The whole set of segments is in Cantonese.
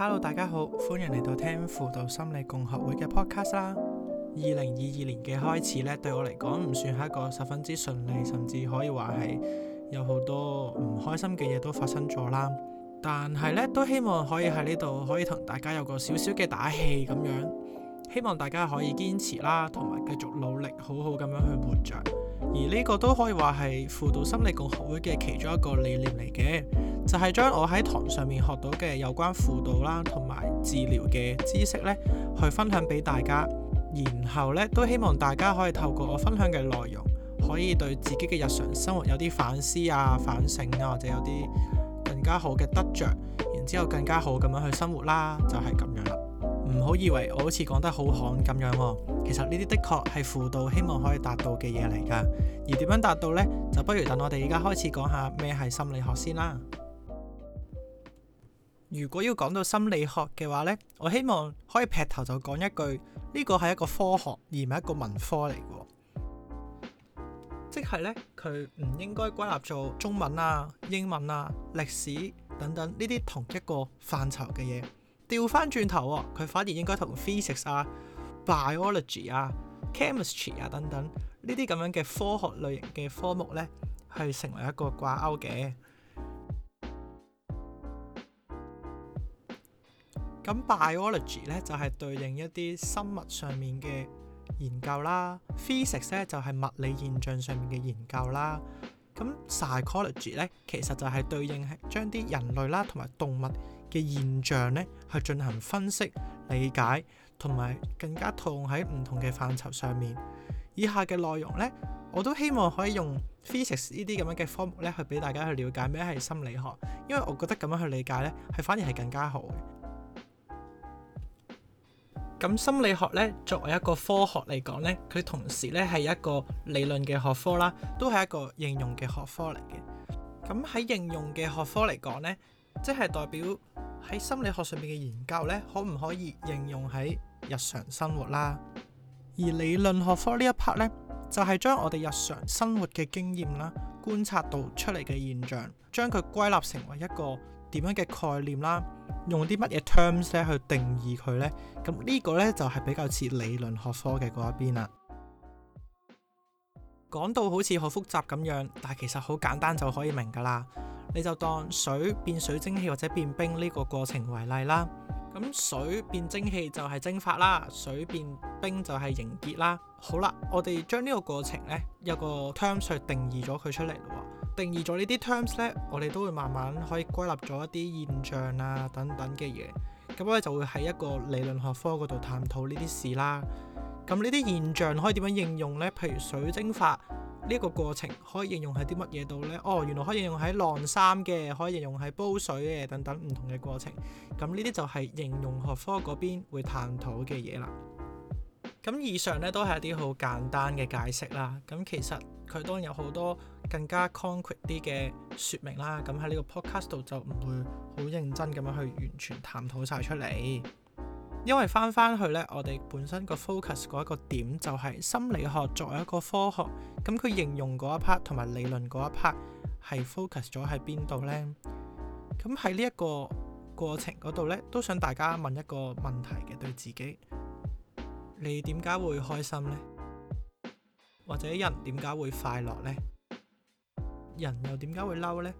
Hello，大家好，歡迎嚟到聽輔導心理共學會嘅 podcast 啦。二零二二年嘅開始呢，對我嚟講唔算係一個十分之順利，甚至可以話係有好多唔開心嘅嘢都發生咗啦。但係呢，都希望可以喺呢度可以同大家有個少少嘅打氣咁樣，希望大家可以堅持啦，同埋繼續努力，好好咁樣去活著。而呢個都可以話係輔導心理共學會嘅其中一個理念嚟嘅，就係、是、將我喺堂上面學到嘅有關輔導啦，同埋治療嘅知識呢去分享俾大家。然後呢，都希望大家可以透過我分享嘅內容，可以對自己嘅日常生活有啲反思啊、反省啊，或者有啲更加好嘅得着，然之後更加好咁樣去生活啦、啊，就係、是、咁樣啦。唔好以為我好似講得好狠咁樣喎，其實呢啲的確係輔導希望可以達到嘅嘢嚟㗎。而點樣達到呢？就不如等我哋而家開始講下咩係心理學先啦。如果要講到心理學嘅話呢，我希望可以劈頭就講一句，呢個係一個科學而唔係一個文科嚟嘅喎，即係呢，佢唔應該歸納做中文啊、英文啊、歷史等等呢啲同一個範疇嘅嘢。調翻轉頭，佢反，反而應該同 physics 啊、biology 啊、chemistry 啊等等呢啲咁樣嘅科學類型嘅科目咧，係成為一個掛鈎嘅。咁 biology 咧就係、是、對應一啲生物上面嘅研究啦，physics 咧就係、是、物理現象上面嘅研究啦。咁 psychology 咧其實就係對應將啲人類啦同埋動物。嘅現象咧，去進行分析、理解同埋更加套用喺唔同嘅範疇上面。以下嘅內容咧，我都希望可以用 physics 呢啲咁樣嘅科目咧，去俾大家去了解咩係心理學，因為我覺得咁樣去理解呢，係反而係更加好嘅。咁心理學咧作為一個科學嚟講咧，佢同時咧係一個理論嘅學科啦，都係一個應用嘅學科嚟嘅。咁喺應用嘅學科嚟講呢，即係代表，喺心理學上面嘅研究呢，可唔可以應用喺日常生活啦？而理論學科呢一 part 呢，就係將我哋日常生活嘅經驗啦、觀察到出嚟嘅現象，將佢歸納成為一個點樣嘅概念啦，用啲乜嘢 terms 咧去定義佢呢？咁呢個呢，就係比較似理論學科嘅嗰一邊啦。講到好似好複雜咁樣，但係其實好簡單就可以明㗎啦。你就當水變水蒸氣或者變冰呢個過程為例啦。咁水變蒸氣就係蒸發啦，水變冰就係凝結啦。好啦，我哋將呢個過程呢，有個 terms 去定義咗佢出嚟咯。定義咗呢啲 terms 呢，我哋都會慢慢可以歸納咗一啲現象啊等等嘅嘢。咁我哋就會喺一個理論學科嗰度探討呢啲事啦。咁呢啲現象可以點樣應用呢？譬如水蒸發呢個過程，可以應用喺啲乜嘢度呢？哦，原來可以應用喺晾衫嘅，可以應用喺煲水嘅等等唔同嘅過程。咁呢啲就係應用學科嗰邊會探討嘅嘢啦。咁以上呢都係一啲好簡單嘅解釋啦。咁其實佢當然有好多更加 concrete 啲嘅説明啦。咁喺呢個 podcast 度就唔會好認真咁樣去完全探討晒出嚟。因為翻翻去呢，我哋本身個 focus 嗰一個點就係心理學作為一個科學，咁佢應用嗰一 part 同埋理論嗰一 part 係 focus 咗喺邊度呢？咁喺呢一個過程嗰度呢，都想大家問一個問題嘅，對自己，你點解會開心呢？或者人點解會快樂呢？人又點解會嬲呢？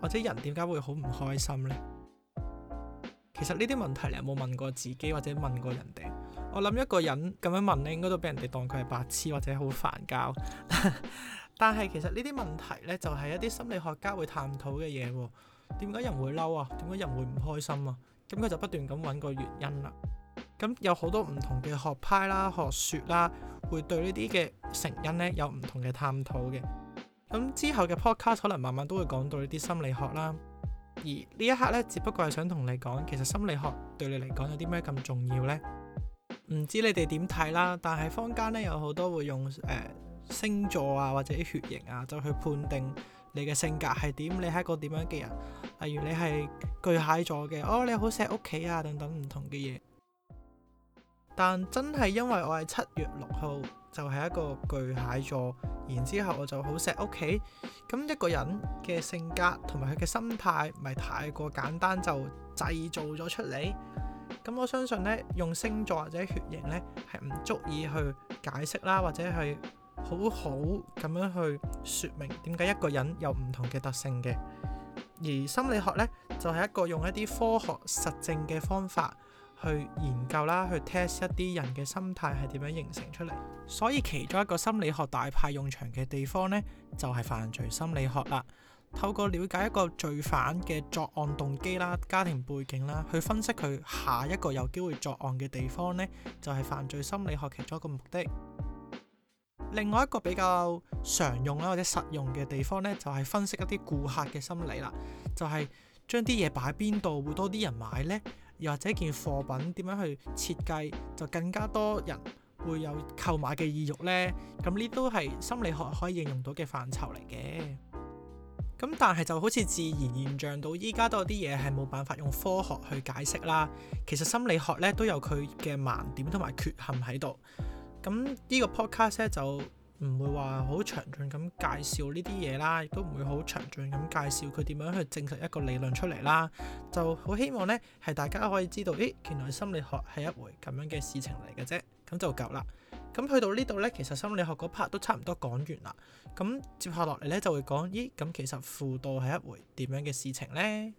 或者人點解會好唔開心呢？其實呢啲問題你有冇問過自己或者問過人哋？我諗一個人咁樣問咧，應該都俾人哋當佢係白痴或者好煩教。 但係其實呢啲問題呢，就係、是、一啲心理學家會探討嘅嘢喎。點解人會嬲啊？點解人會唔開心啊？咁佢就不斷咁揾個原因啦。咁有好多唔同嘅學派啦、學説啦，會對呢啲嘅成因呢有唔同嘅探討嘅。咁之後嘅 podcast 可能慢慢都會講到呢啲心理學啦。而呢一刻咧，只不過係想同你講，其實心理學對你嚟講有啲咩咁重要呢？唔知你哋點睇啦。但係坊間咧有好多會用誒、呃、星座啊或者血型啊，就去判定你嘅性格係點，你係一個點樣嘅人。例如你係巨蟹座嘅，哦，你好錫屋企啊，等等唔同嘅嘢。但真係因為我係七月六號，就係、是、一個巨蟹座。然之後我就好錫屋企。咁一個人嘅性格同埋佢嘅心態，唔係太過簡單就製造咗出嚟。咁我相信咧，用星座或者血型咧係唔足以去解釋啦，或者係好好咁樣去説明點解一個人有唔同嘅特性嘅。而心理學咧就係、是、一個用一啲科學實證嘅方法。去研究啦，去 test 一啲人嘅心態係點樣形成出嚟，所以其中一個心理學大派用場嘅地方咧，就係犯罪心理學啦。透過了解一個罪犯嘅作案動機啦、家庭背景啦，去分析佢下一個有機會作案嘅地方咧，就係犯罪心理學其中一個目的。另外一個比較常用啦，或者實用嘅地方咧，就係分析一啲顧客嘅心理啦，就係將啲嘢擺邊度會多啲人買咧。又或者件貨品點樣去設計，就更加多人會有購買嘅意欲呢？咁呢都係心理學可以應用到嘅範疇嚟嘅。咁但係就好似自然現象到依家都有啲嘢係冇辦法用科學去解釋啦。其實心理學咧都有佢嘅盲點同埋缺陷喺度。咁呢個 podcast 呢就～唔會話好詳盡咁介紹呢啲嘢啦，亦都唔會好詳盡咁介紹佢點樣去證實一個理論出嚟啦。就好希望呢係大家可以知道，咦，原來心理學係一回咁樣嘅事情嚟嘅啫，咁就夠啦。咁去到呢度呢，其實心理學嗰 part 都差唔多講完啦。咁接下落嚟呢，就會講，咦，咁其實輔導係一回點樣嘅事情呢？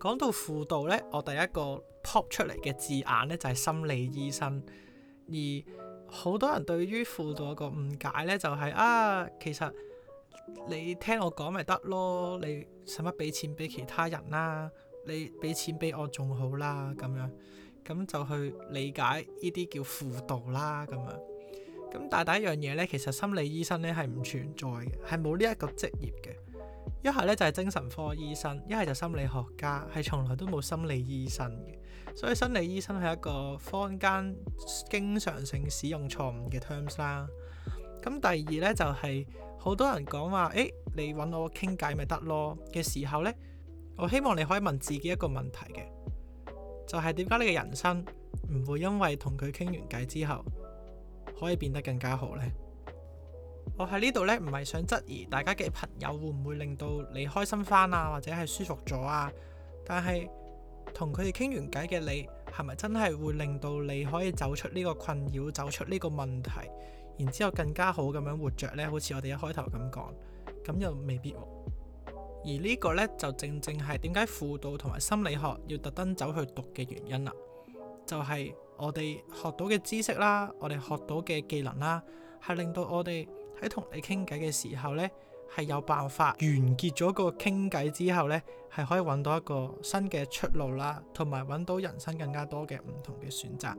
講到輔導呢，我第一個 pop 出嚟嘅字眼呢，就係心理醫生，而。好多人對於輔導個誤解咧、就係，就係啊，其實你聽我講咪得咯，你使乜俾錢俾其他人、啊、啦，你俾錢俾我仲好啦咁樣，咁就去理解呢啲叫輔導啦咁樣。咁但係第一樣嘢咧，其實心理醫生咧係唔存在嘅，係冇呢一個職業嘅。一係咧就係精神科醫生，一係就心理學家，係從來都冇心理醫生嘅，所以心理醫生係一個坊間經常性使用錯誤嘅 terms 啦。咁第二呢就係、是、好多人講話，誒、哎、你揾我傾偈咪得咯嘅時候呢，我希望你可以問自己一個問題嘅，就係點解你嘅人生唔會因為同佢傾完偈之後可以變得更加好呢？我喺呢度呢，唔係想質疑大家嘅朋友會唔會令到你開心返啊，或者係舒服咗啊？但係同佢哋傾完偈嘅你，係咪真係會令到你可以走出呢個困擾，走出呢個問題，然之後更加好咁樣活着呢？好似我哋一開頭咁講，咁又未必。而呢個呢，就正正係點解輔導同埋心理學要特登走去讀嘅原因啦、啊，就係、是、我哋學到嘅知識啦，我哋學到嘅技能啦，係令到我哋喺同你傾偈嘅時候呢，係有辦法完結咗個傾偈之後呢，係可以揾到一個新嘅出路啦，同埋揾到人生更加多嘅唔同嘅選擇。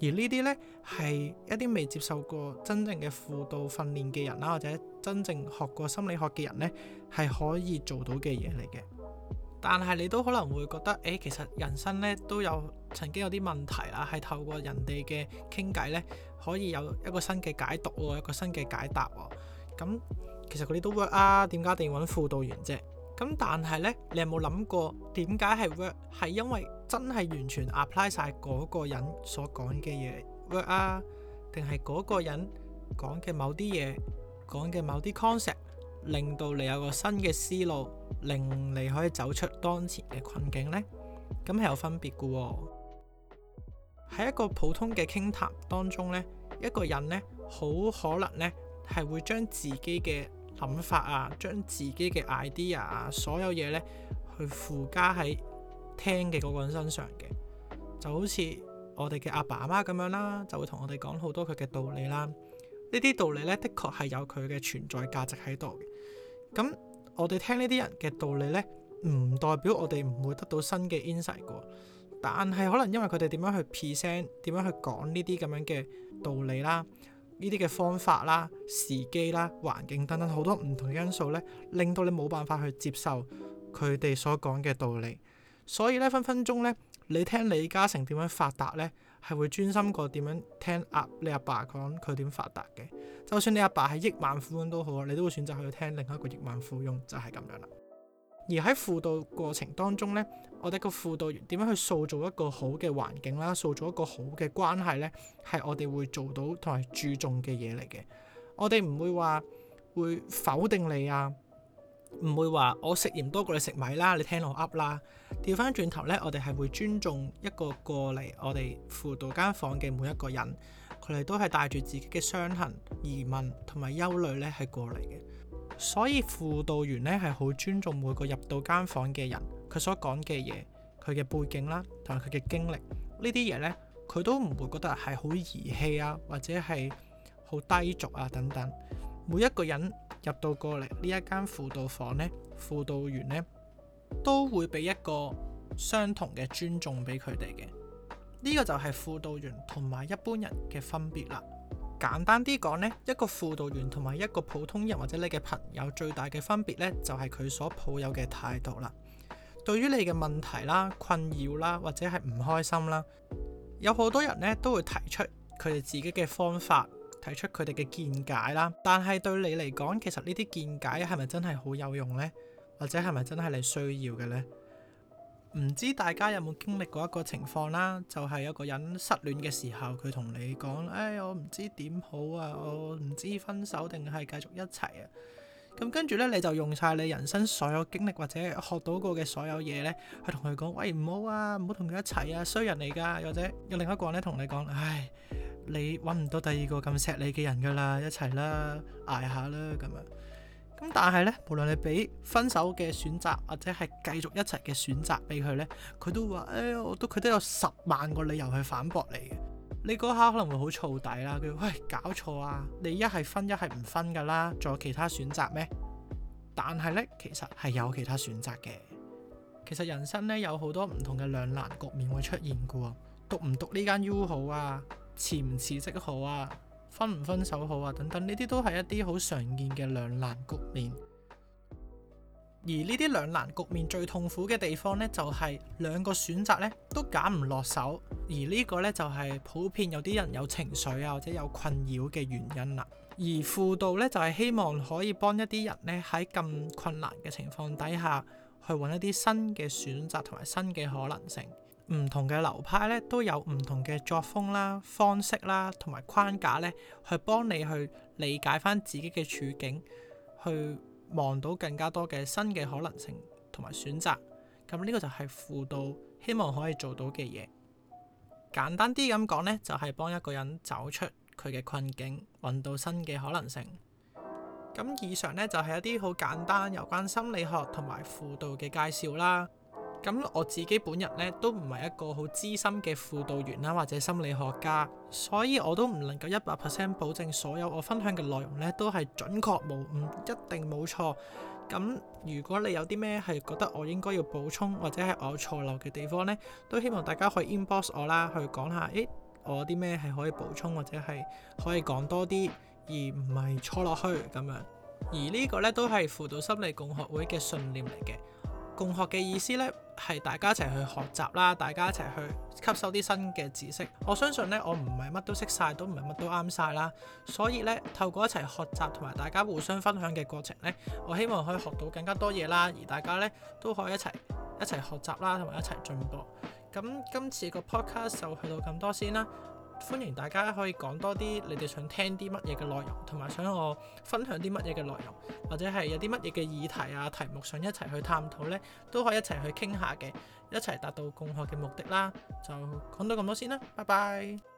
而呢啲呢，係一啲未接受過真正嘅輔導訓練嘅人啦，或者真正學過心理學嘅人呢，係可以做到嘅嘢嚟嘅。但係你都可能會覺得，誒、欸，其實人生咧都有曾經有啲問題啦，係透過人哋嘅傾偈咧，可以有一個新嘅解讀喎，一個新嘅解答喎。咁、嗯、其實嗰啲都 work 啊，點解一定要揾輔導員啫？咁、嗯、但係呢，你有冇諗過點解係 work？係因為真係完全 apply 晒嗰個人所講嘅嘢 work 啊，定係嗰個人講嘅某啲嘢，講嘅某啲 concept 令到你有個新嘅思路，令你可以走出當前嘅困境呢？咁係有分別嘅喎。喺一個普通嘅傾談當中呢，一個人呢，好可能呢，係會將自己嘅諗法啊，將自己嘅 idea 啊，所有嘢呢，去附加喺聽嘅嗰個人身上嘅，就好似我哋嘅阿爸阿媽咁樣啦，就會同我哋講好多佢嘅道理啦。呢啲道理呢，的確係有佢嘅存在價值喺度嘅，咁。我哋聽呢啲人嘅道理呢，唔代表我哋唔會得到新嘅 insight 噶。但係可能因為佢哋點樣去 present，點樣去講呢啲咁樣嘅道理啦，呢啲嘅方法啦、時機啦、環境等等好多唔同嘅因素呢，令到你冇辦法去接受佢哋所講嘅道理。所以呢，分分鐘呢，你聽李嘉誠點樣發達呢，係會專心過點樣聽阿你阿爸講佢點發達嘅，就算你阿爸係億萬富翁都好，你都會選擇去聽另一個億萬富翁，就係咁樣啦。而喺輔導過程當中呢，我哋個輔導員點樣去塑造一個好嘅環境啦，塑造一個好嘅關係呢，係我哋會做到同埋注重嘅嘢嚟嘅。我哋唔會話會否定你啊。唔會話我食鹽多過你食米啦，你聽我噏啦。調翻轉頭呢，我哋係會尊重一個過嚟我哋輔導間房嘅每一個人，佢哋都係帶住自己嘅傷痕、疑問同埋憂慮呢係過嚟嘅。所以輔導員呢係好尊重每個入到間房嘅人，佢所講嘅嘢、佢嘅背景啦同埋佢嘅經歷呢啲嘢呢，佢都唔會覺得係好兒戲啊，或者係好低俗啊等等。每一個人，入到過嚟呢一間輔導房呢，輔導員呢都會俾一個相同嘅尊重俾佢哋嘅。呢個就係輔導員同埋一般人嘅分別啦。簡單啲講呢，一個輔導員同埋一個普通人或者你嘅朋友最大嘅分別呢，就係佢所抱有嘅態度啦。對於你嘅問題啦、困擾啦或者係唔開心啦，有好多人呢都會提出佢哋自己嘅方法。提出佢哋嘅見解啦，但係對你嚟講，其實呢啲見解係咪真係好有用呢？或者係咪真係你需要嘅呢？唔知大家有冇經歷過一個情況啦，就係、是、有個人失戀嘅時候，佢同你講：誒、哎，我唔知點好啊，我唔知分手定係繼續一齊啊。咁跟住咧，你就用晒你人生所有經歷或者學到過嘅所有嘢咧，去同佢講：喂，唔好啊，唔好同佢一齊啊，衰人嚟噶。又或者有另一個人咧，同你講：唉，你揾唔到第二個咁錫你嘅人㗎啦，一齊啦，捱下啦咁啊咁樣。咁但係咧，無論你俾分手嘅選擇，或者係繼續一齊嘅選擇俾佢咧，佢都話：哎，我都佢都有十萬個理由去反駁你嘅。你嗰下可能會好燥底啦，佢，喂，搞錯啊！你一係分一係唔分㗎啦，仲有其他選擇咩？但係呢，其實係有其他選擇嘅。其實人生呢，有好多唔同嘅兩難局面會出現㗎喎，讀唔讀呢間 U 好啊，辭唔辭職好啊，分唔分手好啊等等，呢啲都係一啲好常見嘅兩難局面。而呢啲兩難局面最痛苦嘅地方呢，就係兩個選擇呢都揀唔落手，而呢個呢，就係普遍有啲人有情緒啊或者有困擾嘅原因啦。而輔導呢，就係希望可以幫一啲人呢，喺咁困難嘅情況底下，去揾一啲新嘅選擇同埋新嘅可能性。唔同嘅流派呢，都有唔同嘅作風啦、方式啦同埋框架呢，去幫你去理解返自己嘅處境，去。望到更加多嘅新嘅可能性同埋選擇，咁呢個就係輔導希望可以做到嘅嘢。簡單啲咁講呢，就係、是、幫一個人走出佢嘅困境，揾到新嘅可能性。咁以上呢，就係、是、一啲好簡單有關心理學同埋輔導嘅介紹啦。咁我自己本人咧都唔係一個好資深嘅輔導員啦，或者心理學家，所以我都唔能夠一百 percent 保證所有我分享嘅內容咧都係準確無誤，一定冇錯。咁如果你有啲咩係覺得我應該要補充，或者係我有錯漏嘅地方咧，都希望大家可以 inbox 我啦，去講下，誒、哎、我啲咩係可以補充，或者係可以講多啲，而唔係錯落去咁樣。而個呢個咧都係輔導心理共學會嘅信念嚟嘅。共學嘅意思呢，係大家一齊去學習啦，大家一齊去吸收啲新嘅知識。我相信呢，我唔係乜都識晒，都唔係乜都啱晒啦。所以呢，透過一齊學習同埋大家互相分享嘅過程呢，我希望可以學到更加多嘢啦，而大家呢，都可以一齊一齊學習啦，同埋一齊進步。咁今次個 podcast 就去到咁多先啦。歡迎大家可以講多啲，你哋想聽啲乜嘢嘅內容，同埋想我分享啲乜嘢嘅內容，或者係有啲乜嘢嘅議題啊、題目想一齊去探討呢，都可以一齊去傾下嘅，一齊達到共學嘅目的啦。就講到咁多先啦，拜拜。